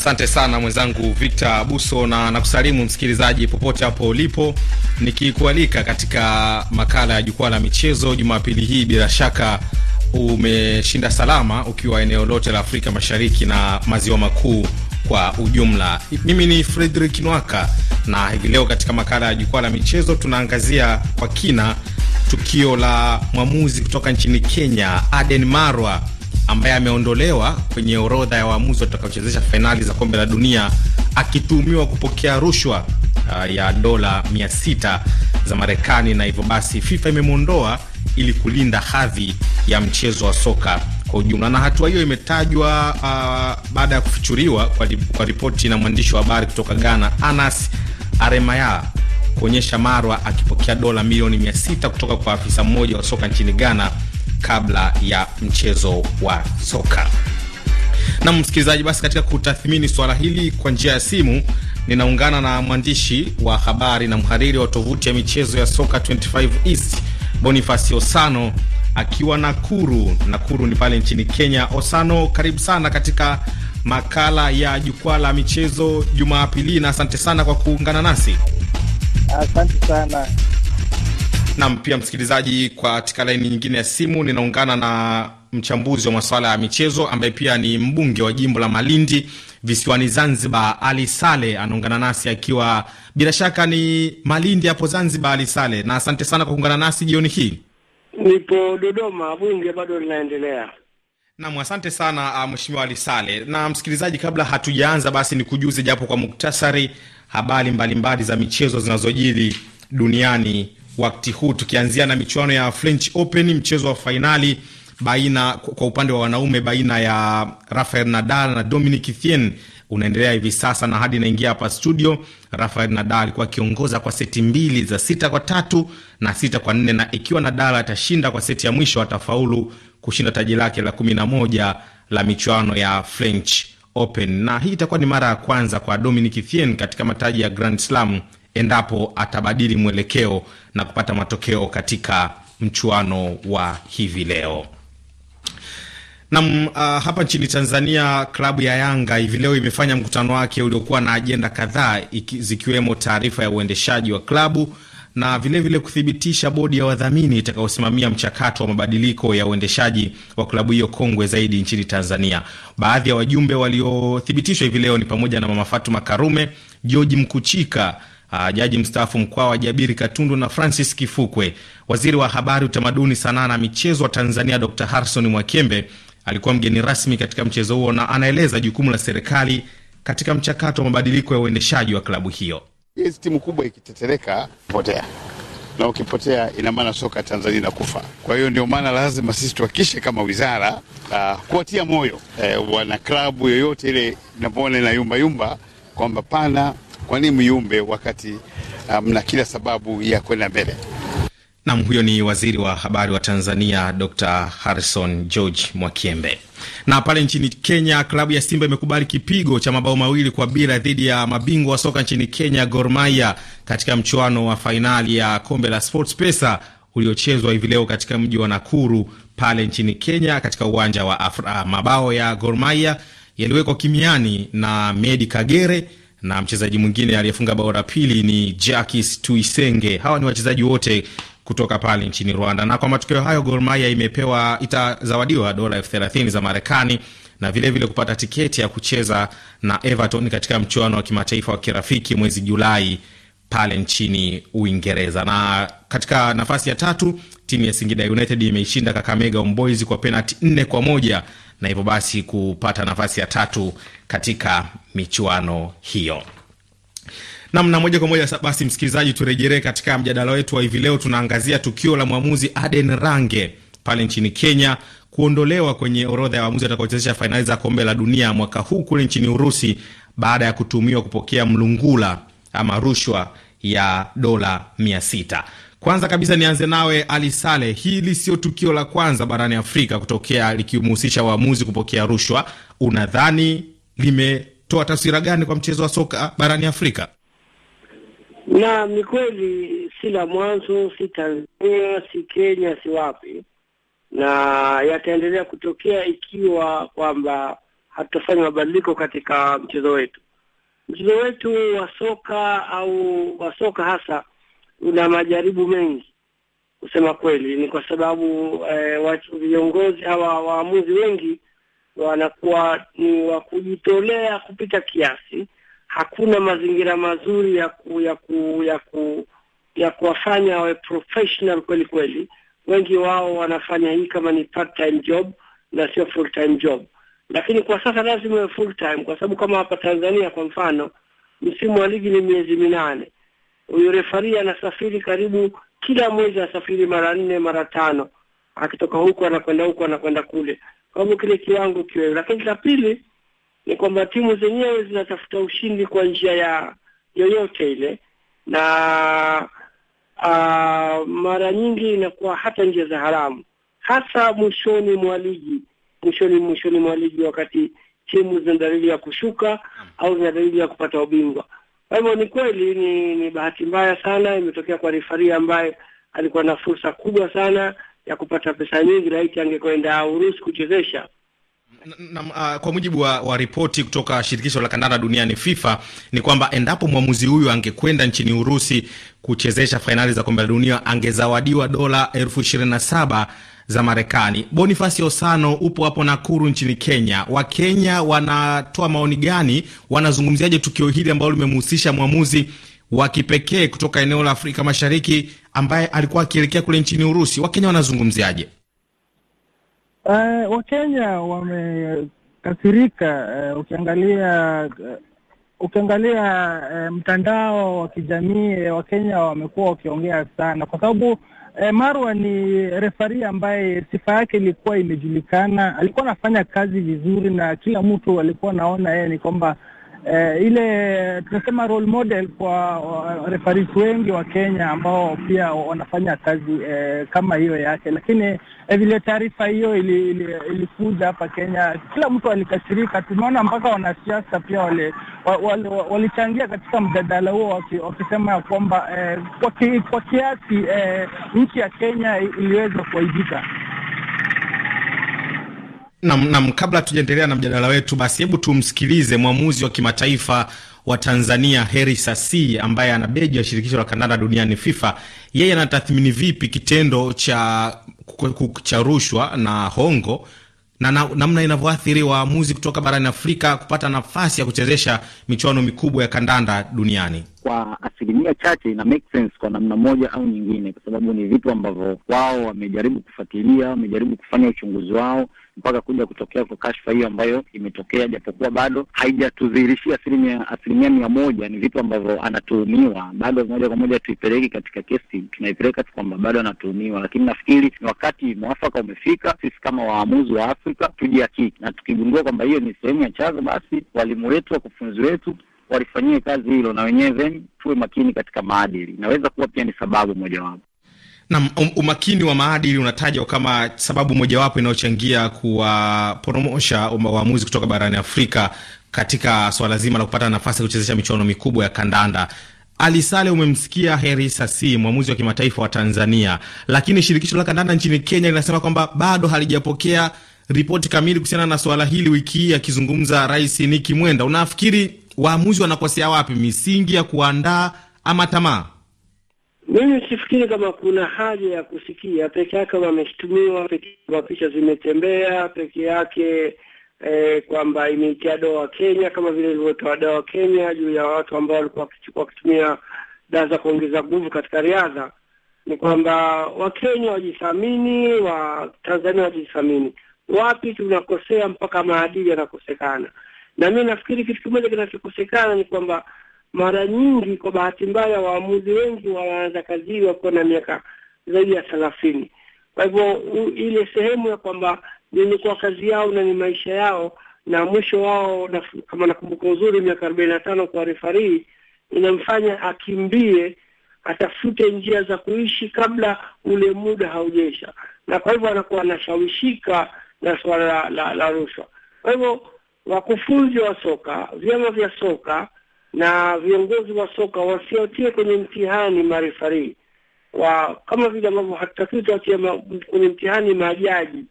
Asante sana mwenzangu Victor Buso, na nakusalimu msikilizaji popote hapo ulipo, nikikualika katika makala ya jukwaa la michezo Jumapili hii. Bila shaka umeshinda salama ukiwa eneo lote la Afrika Mashariki na maziwa makuu kwa ujumla. Mimi ni Fredrick Nwaka na hivi leo katika makala ya jukwaa la michezo tunaangazia kwa kina tukio la mwamuzi kutoka nchini Kenya Aden Marwa ambaye ameondolewa kwenye orodha ya waamuzi watakaochezesha fainali za kombe la dunia akituhumiwa kupokea rushwa uh, ya dola 600 za Marekani, na hivyo basi FIFA imemwondoa ili kulinda hadhi ya mchezo wa soka kwa ujumla. Na hatua hiyo imetajwa uh, baada ya kufichuriwa kwa, kwa ripoti na mwandishi wa habari kutoka Ghana Anas Aremaya kuonyesha Marwa akipokea dola milioni 600 kutoka kwa afisa mmoja wa soka nchini Ghana kabla ya mchezo wa soka. Na msikilizaji, basi katika kutathmini swala hili kwa njia ya simu ninaungana na mwandishi wa habari na mhariri wa tovuti ya michezo ya soka 25 East Boniface Osano akiwa Nakuru. Nakuru ni pale nchini Kenya. Osano, karibu sana katika makala ya jukwaa la michezo Jumapili, na asante sana kwa kuungana nasi. Asante sana. Nam pia msikilizaji, katika laini nyingine ya simu ninaungana na mchambuzi wa masuala ya michezo ambaye pia ni mbunge wa jimbo la Malindi visiwani Zanzibar, Ali Sale anaungana nasi akiwa bila shaka ni Malindi hapo Zanzibar. Ali Sale, na asante sana kwa kuungana nasi jioni hii. Nipo Dodoma, bunge bado linaendelea. Nam, asante sana ah, mheshimiwa Ali Sale. Na msikilizaji, kabla hatujaanza, basi ni kujuze japo kwa muktasari habari mbalimbali za michezo zinazojiri duniani wakati huu, tukianzia na michuano ya French Open, mchezo wa fainali baina kwa upande wa wanaume baina ya Rafael Nadal na Dominic thien unaendelea hivi sasa, na hadi inaingia hapa studio, Rafael Nadal alikuwa akiongoza kwa seti mbili za sita kwa tatu na sita kwa nne, na ikiwa Nadal atashinda kwa seti ya mwisho atafaulu kushinda taji lake la kumi na moja la michuano ya French Open, na hii itakuwa ni mara ya kwanza kwa Dominic Thien katika mataji ya Grand Slam endapo atabadili mwelekeo na kupata matokeo katika mchuano wa hivi leo. Nam uh, ah, hapa nchini Tanzania, klabu ya Yanga hivi leo imefanya mkutano wake uliokuwa na ajenda kadhaa zikiwemo taarifa ya uendeshaji wa klabu na vilevile vile kuthibitisha bodi ya wadhamini itakayosimamia mchakato wa mabadiliko ya uendeshaji wa klabu hiyo kongwe zaidi nchini Tanzania. Baadhi ya wajumbe waliothibitishwa hivi leo ni pamoja na Mama Fatuma Karume, George Mkuchika uh, jaji mstaafu Mkwawa Jabiri Katundu na Francis Kifukwe. Waziri wa Habari, Utamaduni, Sanaa na Michezo wa Tanzania Dr Harrison Mwakembe alikuwa mgeni rasmi katika mchezo huo na anaeleza jukumu la serikali katika mchakato wa mabadiliko ya uendeshaji wa klabu hiyo. Hizi timu kubwa ikitetereka potea na ukipotea ina maana soka Tanzania inakufa. Kwa hiyo ndio maana lazima sisi tuhakikishe kama wizara uh, kuwatia moyo eh, wana klabu yoyote ile inapoona ina yumbayumba kwamba pana nini mjumbe wakati um, mna um, kila sababu ya kwenda mbele. Nam, huyo ni waziri wa habari wa Tanzania Dr Harrison George Mwakiembe. Na pale nchini Kenya, klabu ya Simba imekubali kipigo cha mabao mawili kwa bila dhidi ya mabingwa wa soka nchini Kenya, Gor Mahia, katika mchuano wa fainali ya kombe la SportPesa uliochezwa hivi leo katika mji wa Nakuru pale nchini Kenya, katika uwanja wa Afra. Mabao ya Gor Mahia yaliwekwa kimiani na Medi Kagere na mchezaji mwingine aliyefunga bao la pili ni Jacques Tuisenge. Hawa ni wachezaji wote kutoka pale nchini Rwanda. Na kwa matokeo hayo, Gor Mahia imepewa itazawadiwa dola elfu thelathini za Marekani na vilevile vile kupata tiketi ya kucheza na Everton katika mchuano wa kimataifa wa kirafiki mwezi Julai pale nchini Uingereza. Na katika nafasi ya tatu timu ya Singida United imeishinda Kakamega Omboys kwa penalti nne kwa moja na hivyo basi kupata nafasi ya tatu katika michuano hiyo. Namna moja kwa moja basi, msikilizaji, turejelee katika mjadala wetu wa hivi leo. Tunaangazia tukio la mwamuzi Aden Range pale nchini Kenya kuondolewa kwenye orodha ya waamuzi watakaochezesha fainali za kombe la dunia mwaka huu kule nchini Urusi baada ya kutumiwa kupokea mlungula ama rushwa ya dola mia sita. Kwanza kabisa nianze nawe Ali Saleh, hili sio tukio la kwanza barani Afrika kutokea likimhusisha waamuzi kupokea rushwa. Unadhani limetoa taswira gani kwa mchezo wa soka barani Afrika? Naam, ni kweli, si la mwanzo, si Tanzania, si Kenya, si wapi, na yataendelea kutokea ikiwa kwamba hatutafanya mabadiliko katika mchezo wetu. Mchezo wetu wa soka au wa soka hasa una majaribu mengi kusema kweli. Ni kwa sababu eh, viongozi hawa waamuzi wengi wanakuwa ni wa kujitolea kupita kiasi. Hakuna mazingira mazuri ya ku, ya ku, ya ku, ya kuwafanya wawe professional kweli kweli. Wengi wao wanafanya hii kama ni part time job na sio full time job, lakini kwa sasa lazima iwe full time, kwa sababu kama hapa Tanzania kwa mfano msimu wa ligi ni miezi minane huyo refari anasafiri karibu kila mwezi, asafiri mara nne mara tano, akitoka huku anakwenda huku anakwenda kule, kwa hivyo kile kiwango kiwe. Lakini la pili ni kwamba timu zenyewe zinatafuta ushindi kwa njia ya yoyote ile, na uh, mara nyingi inakuwa hata njia za haramu, hasa mwishoni mwa ligi, mwishoni mwishoni mwa ligi, wakati timu zina dalili ya kushuka au zina dalili ya kupata ubingwa. Kwa hivyo ni kweli ni, ni bahati mbaya sana imetokea kwa rifaria ambaye alikuwa na fursa kubwa sana ya kupata pesa nyingi, laiti angekwenda Urusi kuchezesha. Na, na, uh, kwa mujibu wa, wa ripoti kutoka shirikisho la kandanda duniani FIFA ni kwamba endapo mwamuzi huyu angekwenda nchini Urusi kuchezesha fainali za kombe la dunia angezawadiwa dola elfu ishirini na saba za Marekani. Bonifasi Osano, upo hapo Nakuru nchini Kenya. Wakenya wanatoa maoni gani? Wanazungumziaje tukio hili ambalo limemhusisha mwamuzi wa kipekee kutoka eneo la Afrika Mashariki ambaye alikuwa akielekea kule nchini Urusi? Wakenya wanazungumziaje? Uh, eh, Wakenya wamekasirika. Uh, ukiangalia uh, ukiangalia uh, mtandao wa kijamii Wakenya wamekuwa wakiongea sana, kwa sababu E, Marwa ni refari ambaye sifa yake ilikuwa imejulikana, alikuwa anafanya kazi vizuri na kila mtu alikuwa anaona yeye ni kwamba eh, ile tunasema role model kwa uh, refarisi wengi wa Kenya ambao pia wanafanya kazi eh, kama hiyo yake. Lakini eh, vile taarifa hiyo ilikuja hapa Kenya, kila mtu alikasirika. Tumeona mpaka wanasiasa pia wale walichangia katika mjadala huo wakisema ya kwamba eh, kwa, ki, kwa kiasi eh, nchi ya Kenya iliweza kuaibika. Nam, nam, kabla tujaendelea na mjadala wetu, basi hebu tumsikilize mwamuzi wa kimataifa wa Tanzania Heri Sasi ambaye ana beji ya shirikisho la kandanda duniani FIFA. Yeye anatathmini vipi kitendo cha, cha rushwa na hongo na namna na inavyoathiri waamuzi kutoka barani Afrika kupata nafasi ya kuchezesha michuano mikubwa ya kandanda duniani? kwa asilimia chache ina make sense kwa namna moja au nyingine, kwa sababu ni vitu ambavyo wao wamejaribu kufuatilia, wamejaribu kufanya uchunguzi wao mpaka kuja kutokea kwa kashfa hiyo ambayo imetokea, japokuwa bado haijatudhihirishia asilimia asilimia mia moja. Ni vitu ambavyo anatuhumiwa bado, moja kwa moja tuipeleki katika kesi, tunaipeleka tu kwamba bado anatuhumiwa, lakini nafikiri ni wakati mwafaka umefika, sisi kama waamuzi wa Afrika tujihakiki, na tukigundua kwamba hiyo ni sehemu ya chanzo, basi walimu wetu, wakufunzi wetu walifanyie kazi hilo, na wenyewe tuwe makini katika maadili. Inaweza kuwa pia ni sababu mojawapo. Na um, umakini wa maadili unatajwa kama sababu mojawapo inayochangia kuwaporomosha um, waamuzi kutoka barani Afrika katika swala zima la kupata nafasi ya kuchezesha michuano mikubwa ya kandanda. Ali Sale, umemsikia Heri Sasi, mwamuzi wa kimataifa wa Tanzania, lakini shirikisho la kandanda nchini Kenya linasema kwamba bado halijapokea ripoti kamili kuhusiana na swala hili. Wiki hii akizungumza Rais Niki Mwenda, unafikiri waamuzi wanakosea wapi, misingi ya kuandaa ama tamaa? Mimi sifikiri kama kuna haja ya kusikia peke yake wameshtumiwa, peke yake picha zimetembea, peke yake eh, kwamba imeitia doa Kenya kama vile ilivyotoa dawa Kenya juu ya watu ambao walikuwa wakitumia dawa za kuongeza nguvu katika riadha. Ni kwamba Wakenya wajithamini, Watanzania wajithamini. Wapi tunakosea mpaka maadili yanakosekana? Na mimi nafikiri kitu kimoja kinachokosekana ni kwamba mara nyingi, kwa bahati mbaya, waamuzi wengi wanaanza kazi hii wakiwa na miaka zaidi ya thelathini. Kwa hivyo ile sehemu ya kwamba nilikuwa kazi yao na ni maisha yao na mwisho wao na, kama nakumbuka uzuri, miaka arobaini na tano kwa refarii inamfanya akimbie atafute njia za kuishi kabla ule muda haujaisha, na kwa hivyo anakuwa anashawishika na suala la, la, la rushwa. Kwa hivyo wakufunzi wa soka, vyama vya soka na viongozi wa soka wasiotie kwenye mtihani marifari wa kama vile ambavyo hatutakiwi tuwatie kwenye mtihani majaji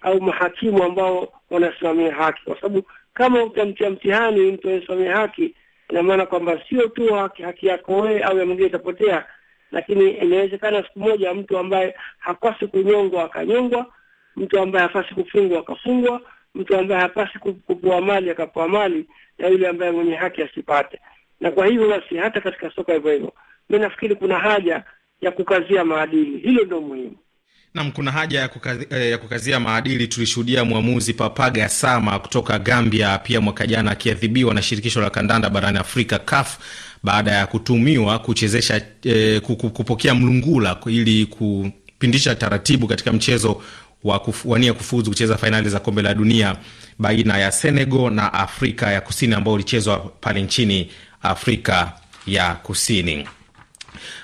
au mahakimu ambao wanasimamia haki, kwa sababu kama utamtia mtihani mtu anasimamia haki, ina maana kwamba sio tu haki, haki yako wewe au ya mwingine itapotea, lakini inawezekana siku moja mtu ambaye hakwasi kunyongwa akanyongwa, mtu ambaye hapaswi kufungwa akafungwa mtu ambaye hapasi kupoa mali akapoa mali na yule ambaye mwenye haki asipate. Na kwa hivyo basi, hata katika soka hivyo hivyo, mi nafikiri kuna haja ya kukazia maadili, hilo ndio muhimu. Nam, kuna haja ya, kukazi, eh, ya kukazia maadili. Tulishuhudia mwamuzi Papaga Sama kutoka Gambia pia mwaka jana akiadhibiwa na shirikisho la kandanda barani Afrika kaf baada ya kutumiwa kuchezesha eh, kupokea mlungula ili kupindisha taratibu katika mchezo wa kuwania kufuzu kucheza fainali za kombe la dunia baina ya Senegal na Afrika ya Kusini ambao ulichezwa pale nchini Afrika ya Kusini.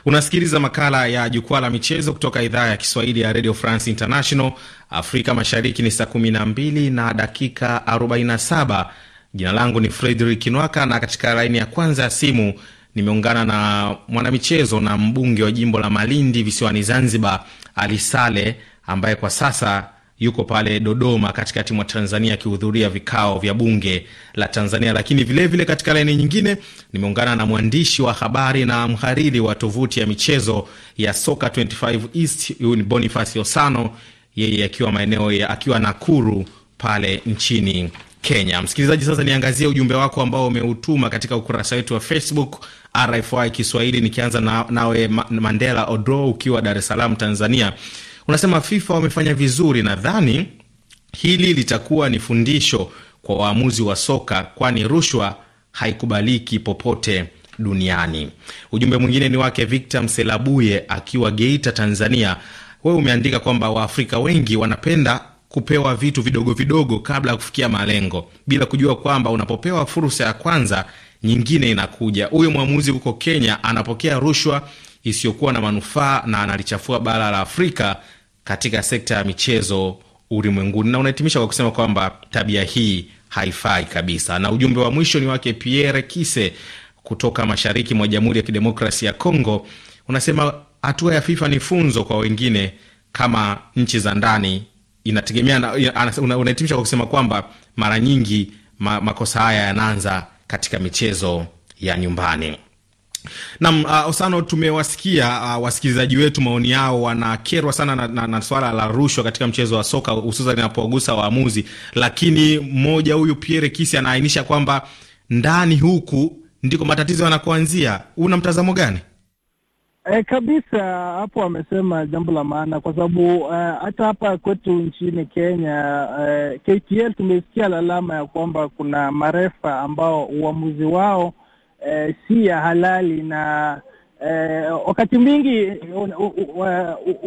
Unasikiliza makala ya jukwaa la michezo kutoka idhaa ya Kiswahili ya Radio France International. Afrika Mashariki ni saa 12 na dakika 47. Jina langu ni Frederick Nwaka na katika laini ya kwanza ya simu nimeungana na mwanamichezo na mbunge wa jimbo la Malindi visiwani Zanzibar, Ali Sale ambaye kwa sasa yuko pale Dodoma katikati mwa Tanzania akihudhuria vikao vya bunge la Tanzania. Lakini vilevile vile katika laini nyingine nimeungana na mwandishi wa habari na mhariri wa tovuti ya michezo ya Soka 25 East, huyu ni Bonifas Osano, yeye akiwa maeneo ya akiwa Nakuru pale nchini Kenya. Msikilizaji, sasa niangazie ujumbe wako ambao umeutuma katika ukurasa wetu wa Facebook RFI Kiswahili, nikianza nawe na Mandela Odro ukiwa Dar es Salaam, Tanzania. Unasema FIFA wamefanya vizuri, nadhani hili litakuwa ni fundisho kwa waamuzi wa soka, kwani rushwa haikubaliki popote duniani. Ujumbe mwingine ni wake Victor Mselabuye akiwa Geita, Tanzania. Wewe umeandika kwamba Waafrika wengi wanapenda kupewa vitu vidogo vidogo kabla ya kufikia malengo, bila kujua kwamba unapopewa fursa ya kwanza nyingine inakuja. Huyo mwamuzi huko Kenya anapokea rushwa isiyokuwa na manufaa na analichafua bara la Afrika katika sekta ya michezo ulimwenguni, na unahitimisha kwa kusema kwamba tabia hii haifai kabisa. Na ujumbe wa mwisho ni wake Pierre Kise kutoka mashariki mwa Jamhuri ya Kidemokrasi ya congo unasema hatua ya FIFA ni funzo kwa wengine kama nchi za ndani inategemea. Unahitimisha kwa kusema kwamba mara nyingi ma, makosa haya yanaanza katika michezo ya nyumbani nam uh, Osano, tumewasikia uh, wasikilizaji wetu maoni yao. Wanakerwa sana na, na, na swala la rushwa katika mchezo wa soka hususan inapogusa waamuzi, lakini mmoja huyu Pierre Kisi anaainisha kwamba ndani huku ndiko matatizo yanakoanzia. Una mtazamo gani? E, kabisa hapo amesema jambo la maana kwa sababu uh, hata hapa kwetu nchini Kenya uh, eh, KPL tumesikia lalama ya kwamba kuna marefa ambao uamuzi wao eh, si ya halali na eh, wakati mwingi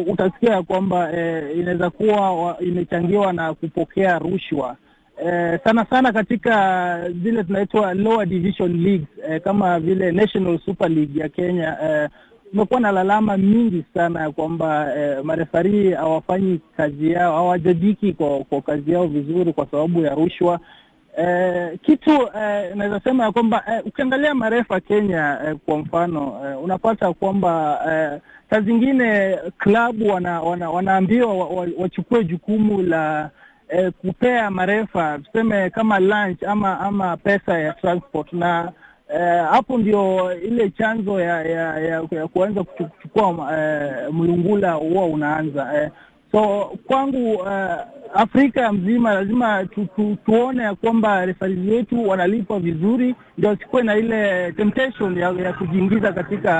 utasikia kwamba eh, inaweza kuwa imechangiwa na kupokea rushwa eh, sana sana katika zile tunaitwa lower division leagues eh, kama vile National Super League ya Kenya eh, kumekuwa na lalama mingi sana ya kwamba eh, marefarii hawafanyi kazi yao, hawajajiki kwa, kwa kazi yao vizuri kwa sababu ya rushwa Eh, kitu eh, naweza sema ya kwamba eh, ukiangalia marefa Kenya eh, kwa mfano eh, unapata kwamba eh, saa zingine klabu wana, wana, wanaambiwa wachukue wa, wa jukumu la eh, kupea marefa tuseme kama lunch ama ama pesa ya transport na eh, hapo eh, ndio ile chanzo ya, ya, ya, ya kuanza kuchukua eh, mlungula huwa unaanza eh. So kwangu uh, Afrika mzima lazima tu, tu, tuone ya kwamba refarii wetu wanalipwa vizuri, ndio sikuwe na ile temptation ya, ya kujiingiza katika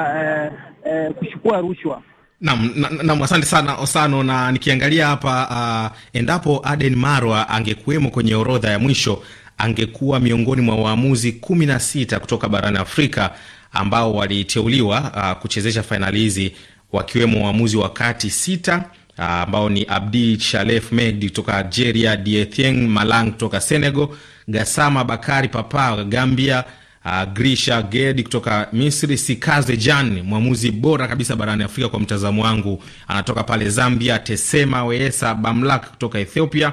uh, uh, kuchukua rushwa. Nam, nam, asante sana Osano. Na nikiangalia hapa uh, endapo Aden Marwa angekuwemo kwenye orodha ya mwisho angekuwa miongoni mwa waamuzi kumi na sita kutoka barani Afrika ambao waliteuliwa uh, kuchezesha fainali hizi, wakiwemo waamuzi wa kati sita Ah, ambao ni Abdi Shalef Mehdi kutoka Algeria, Diethieng Malang kutoka Senegal, Gasama Bakari Papa Gambia, uh, Grisha Gedi kutoka Misri, Sikaze Jan, mwamuzi bora kabisa barani Afrika kwa mtazamo wangu, anatoka pale Zambia, Tesema Weesa Bamlak kutoka Ethiopia,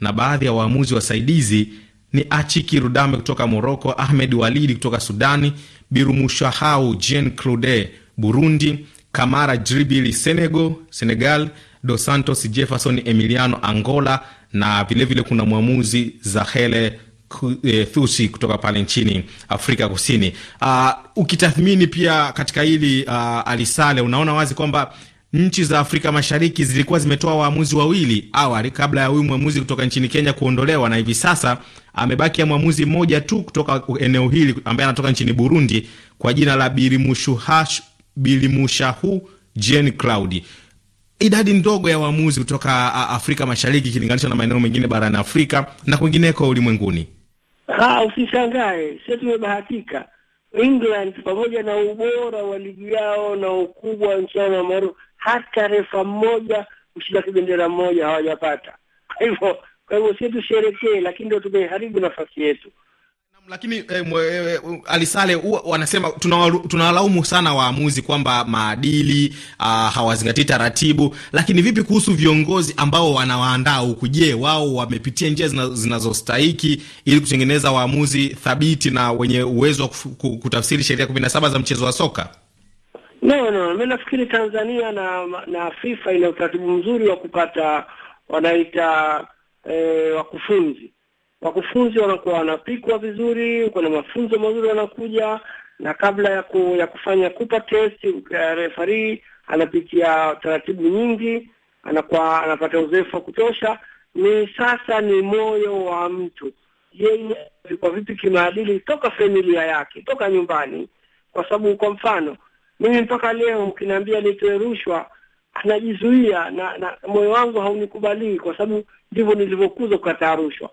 na baadhi ya waamuzi wasaidizi ni Achiki Rudame kutoka Moroko, Ahmed Walidi kutoka Sudani, Birumushahau Jean Claude Burundi, Kamara Djibril Senegal, Senegal, Dos Santos Jefferson Emiliano Angola, na vilevile vile kuna mwamuzi Zahele Thusi eh, kutoka pale nchini Afrika Kusini. Uh, ukitathmini pia katika hili uh, alisale, unaona wazi kwamba nchi za Afrika Mashariki zilikuwa zimetoa waamuzi wawili awali kabla ya huyu mwamuzi kutoka nchini Kenya kuondolewa, na hivi sasa amebaki mwamuzi mmoja tu kutoka eneo hili ambaye anatoka nchini Burundi kwa jina la Birimushuhash Bilimushahu Jean claudi Idadi ndogo ya waamuzi kutoka Afrika Mashariki ikilinganishwa na maeneo mengine barani Afrika na kwingineko ulimwenguni. usishangae, sisi tumebahatika. England pamoja na ubora wa ligi yao na ukubwa nchi yao maarufu, hata refa mmoja mshida kibendera mmoja hawajapata. Kwa hivyo, kwa hivyo sisi tusherekee, lakini ndio tumeharibu nafasi yetu lakini eh, mwe, eh, Alisale wanasema tunawalaumu sana waamuzi kwamba maadili uh, hawazingatii taratibu, lakini vipi kuhusu viongozi ambao wanawaandaa huku? Je, wao wamepitia njia zinazostahiki ili kutengeneza waamuzi thabiti na wenye uwezo wa kutafsiri sheria kumi na saba za mchezo wa soka? No, no, mimi nafikiri Tanzania na na FIFA ina utaratibu mzuri wa kupata wanaita eh, wakufunzi wakufunzi wanakuwa wanapikwa vizuri, kuna mafunzo mazuri wanakuja, na kabla ya ku, ya kufanya kupa test eh, referee anapitia taratibu nyingi, anakuwa anapata uzoefu wa kutosha. Ni sasa ni moyo wa mtu yeye alikuwa vipi kimaadili toka familia yake toka nyumbani, kwa sababu kwa mfano mimi mpaka leo mkiniambia nitoe rushwa anajizuia na, na moyo wangu haunikubalii, kwa sababu ndivyo nilivyokuzwa kukataa rushwa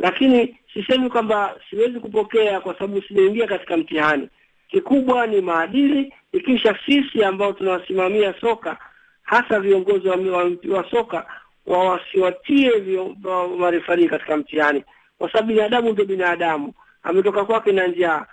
lakini sisemi kwamba siwezi kupokea kwa sababu sijaingia katika mtihani. Kikubwa ni maadili, ikisha sisi ambao tunawasimamia soka, hasa viongozi wa, wa soka wawasiwatie marefari katika mtihani, kwa sababu binadamu ndio binadamu, ametoka kwake na njaa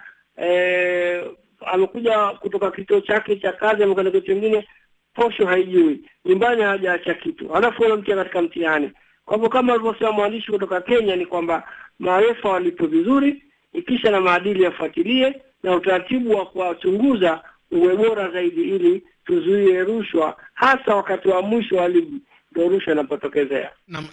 e, amekuja kutoka kituo chake cha kazi, amekwenda kituo kingine, posho haijui, nyumbani hajaacha kitu, halafu wanamtia katika mtihani. Kwa hivyo kama alivyosema mwandishi kutoka Kenya ni kwamba maarifa walipo vizuri, ikisha na maadili yafuatilie, na utaratibu wa kuwachunguza uwe bora zaidi, ili tuzuie rushwa, hasa wakati wa mwisho wa ligi dorusa inapotokezea. Naam,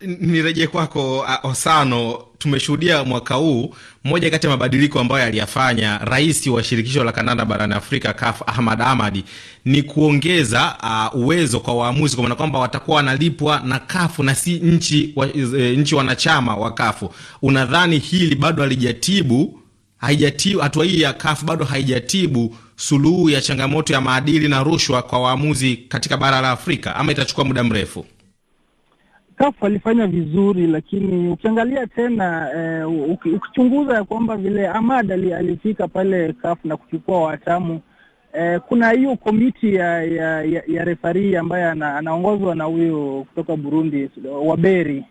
nirejee kwako Osano. Tumeshuhudia mwaka huu moja kati ya mabadiliko ambayo aliyafanya rais wa shirikisho la kandanda barani Afrika CAF Ahmad Ahmadi ni kuongeza uh, uwezo kwa waamuzi, kwa maana kwamba watakuwa wanalipwa na kafu na si nchi, wa, e, nchi wanachama wa kafu. Unadhani hili bado halijatibu haijatibu, hatua hii ya kafu bado haijatibu suluhu ya changamoto ya maadili na rushwa kwa waamuzi katika bara la Afrika ama itachukua muda mrefu? kafu alifanya vizuri, lakini ukiangalia tena eh, ukichunguza ya kwamba vile Ahmad alifika pale kafu na kuchukua watamu eh, kuna hiyo komiti ya ya, ya, ya refari ambaye anaongozwa na huyo kutoka Burundi Waberi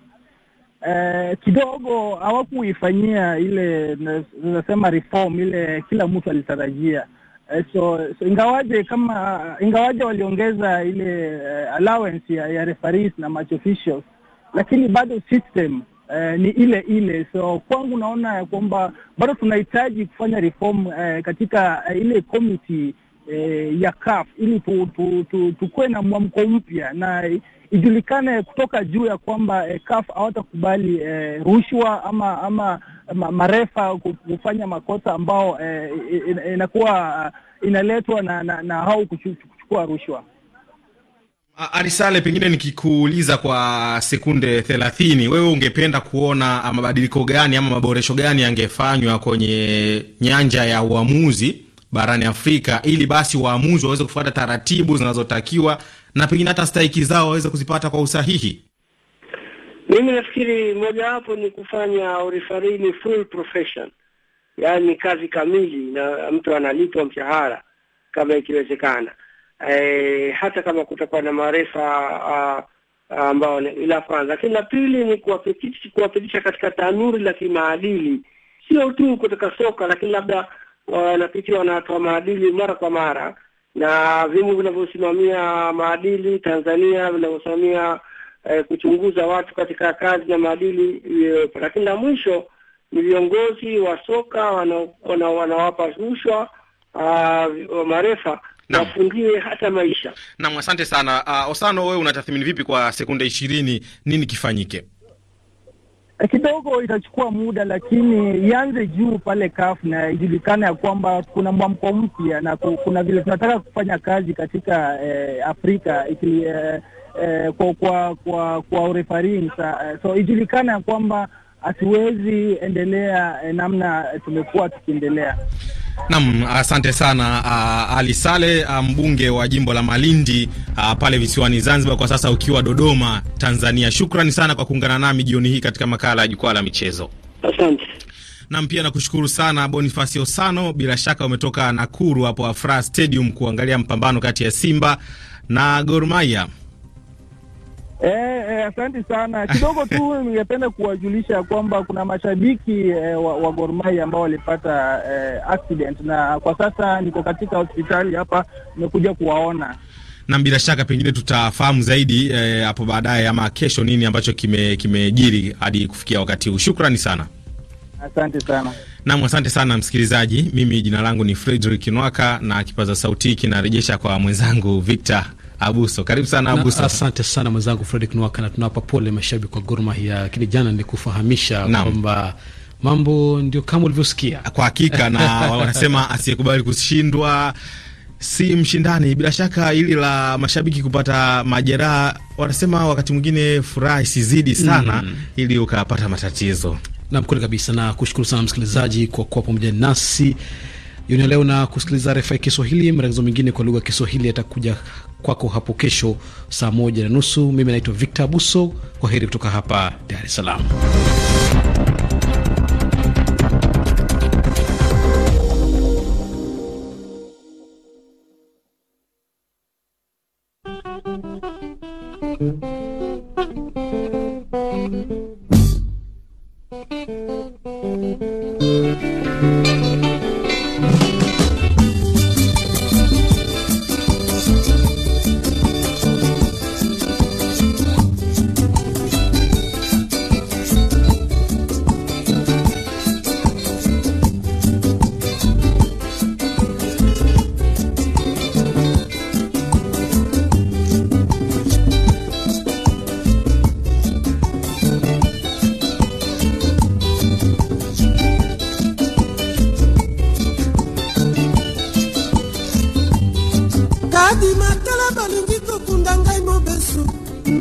Eh, kidogo hawakuifanyia ile nasema reform ile kila mtu alitarajia. Eh, so, so ingawaje kama ingawaje waliongeza ile uh, allowance ya, ya referees na match officials, lakini bado system Uh, ni ile ile. So kwangu naona ya kwamba bado tunahitaji kufanya reform uh, katika uh, ile committee uh, ya CAF ili tukuwe tu, tu, tu na mwamko mpya na ijulikane kutoka juu ya kwamba eh, CAF hawatakubali eh, rushwa ama ama marefa kufanya makosa ambao eh, inakuwa ah, inaletwa na, na, na hao kuchukua rushwa. Arisale, pengine nikikuuliza kwa sekunde thelathini, wewe ungependa kuona ah, mabadiliko gani ama maboresho gani yangefanywa kwenye nyanja ya uamuzi barani Afrika ili basi waamuzi waweze kufuata taratibu zinazotakiwa na pengine hata stahiki zao waweze kuzipata kwa usahihi? Mimi nafikiri mojawapo ni kufanya urifarini full profession, yaani kazi kamili, na mtu analipwa mshahara kama ikiwezekana. E, hata kama kutakuwa na maarefa ambao la kwanza, lakini la pili ni kuwapitisha kuwapitisha katika tanuri la kimaadili, sio tu kutoka soka, lakini labda wanapitia wanatoa maadili mara kwa mara na vyombo vinavyosimamia maadili Tanzania vinavyosimamia eh, kuchunguza watu katika kazi na maadili eh, lakini la mwisho ni viongozi wa soka wanawapa rushwa uh, marefa wafungiwe hata maisha. Naam, asante sana. Uh, Osano, wewe unatathmini vipi kwa sekunde ishirini, nini kifanyike? kidogo itachukua muda, lakini ianze juu pale kafu na ijulikane ya kwamba kuna mwamko mpya na kuna vile tunataka kufanya kazi katika eh, Afrika iki, eh, eh, kwa kwa kwa, kwa urefaring eh, so ijulikane ya kwamba hatuwezi endelea eh, namna tumekuwa tukiendelea. Nam, asante sana uh, Ali Sale uh, mbunge wa jimbo la Malindi uh, pale visiwani Zanzibar, kwa sasa ukiwa Dodoma, Tanzania. Shukrani sana kwa kuungana nami jioni hii katika makala ya jukwaa la michezo. Asante nam, pia nakushukuru sana Bonifasi osano bila shaka umetoka Nakuru hapo Afraha Stadium kuangalia mpambano kati ya Simba na Gor Mahia. Eh, eh, asante sana kidogo tu ningependa kuwajulisha kwamba kuna mashabiki eh, wa, wa Gor Mahia ambao walipata eh, accident na kwa sasa niko katika hospitali hapa, nimekuja kuwaona na bila shaka pengine tutafahamu zaidi eh, hapo eh, baadaye ama kesho nini ambacho kimejiri kime hadi kufikia wakati huu. Shukrani sana. Asante sana. Naam, asante sana msikilizaji. Mimi jina langu ni Fredrick Nwaka na kipaza sauti kinarejesha kwa mwenzangu Victor Abuso. Karibu sana Abuso. Asante sana mwenzangu Fredrick Nwaka, na tunawapa pole mashabiki wa Gor Mahia, lakini jana nikufahamisha kwamba mambo ndio kama ulivyosikia kwa hakika, na wanasema asiyekubali kushindwa si mshindani. Bila shaka hili la mashabiki kupata majeraha, wanasema wakati mwingine furaha isizidi sana mm, ili ukapata matatizo. Nam, kweli kabisa, na kushukuru sana msikilizaji kwa kuwa pamoja nasi yuni leo na kusikiliza RFI Kiswahili. Matangazo mengine kwa lugha ya Kiswahili yatakuja kwako hapo kesho saa moja na nusu. Mimi naitwa Victor Abuso. Kwa heri kutoka hapa Dar es Salaam.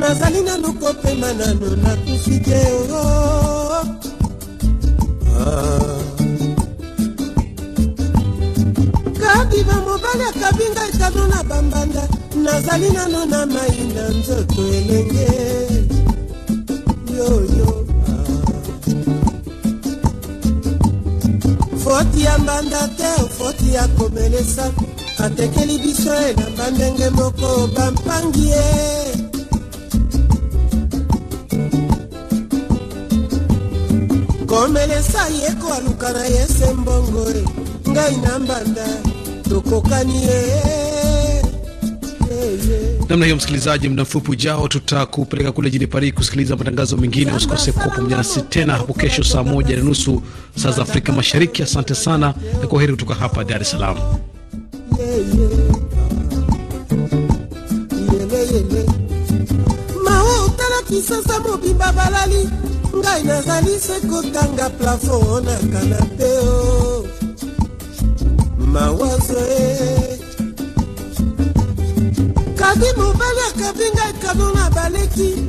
nazali nanu kopema nano nakufi te ah. kadiba mobali akabi ngai tano na bambanda nazali nano na mai na nzoto elenge yoyo ah. foti ya mbanda te foti ya komelesa atekeli biso elamba ndenge moko bampangi ye komelesa yeko aluka na ye se mbongo e ngai na mbanda tokokani ye namna hiyo, msikilizaji, muda mfupi ujao tutakupeleka kule jini Paris kusikiliza matangazo mengine. Usikose kuwa pamoja nasi tena hapo kesho saa moja na nusu saa za Afrika Mashariki. Asante sana na kwa heri kutoka hapa Dar es Salaam. kisasa mobimba balali ngai nazali se kotanga plafon na kanape o mawazo e kadi mobali akabi ngai kano na baleki